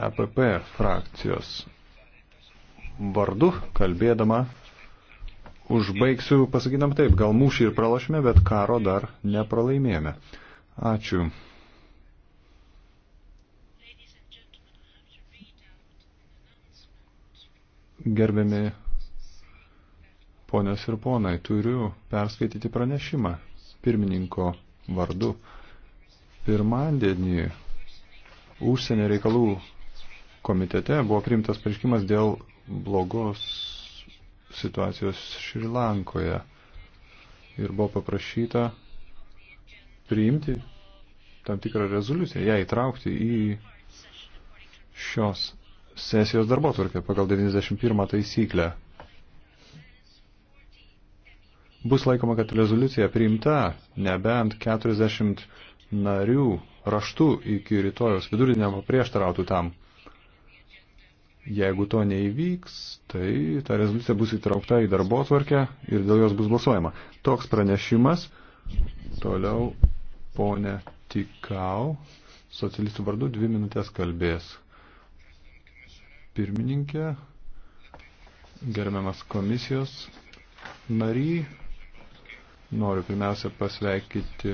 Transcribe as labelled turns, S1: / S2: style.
S1: EPP frakcijos vardu kalbėdama užbaigsiu, pasakydam taip, gal mūšį ir pralašėme, bet karo dar nepralaimėjome. Ačiū. Gerbiami ponios ir ponai, turiu perskaityti pranešimą pirmininko vardu. Pirmandienį užsienio reikalų komitete buvo priimtas pareiškimas dėl blogos situacijos Šrilankoje ir buvo paprašyta priimti tam tikrą rezoliuciją, ją įtraukti į šios sesijos darbotvarkę pagal 91 taisyklę. Bus laikoma, kad rezoliucija priimta nebent 40 narių raštų iki rytojos vidurinio prieštarautų tam. Jeigu to neįvyks, tai ta rezoliucija bus įtraukta į darbo atvarkę ir dėl jos bus balsuojama. Toks pranešimas. Toliau ponė Tikau, socialistų vardu, dvi minutės kalbės. Pirmininkė, gerbiamas komisijos nary, noriu pirmiausia pasveikyti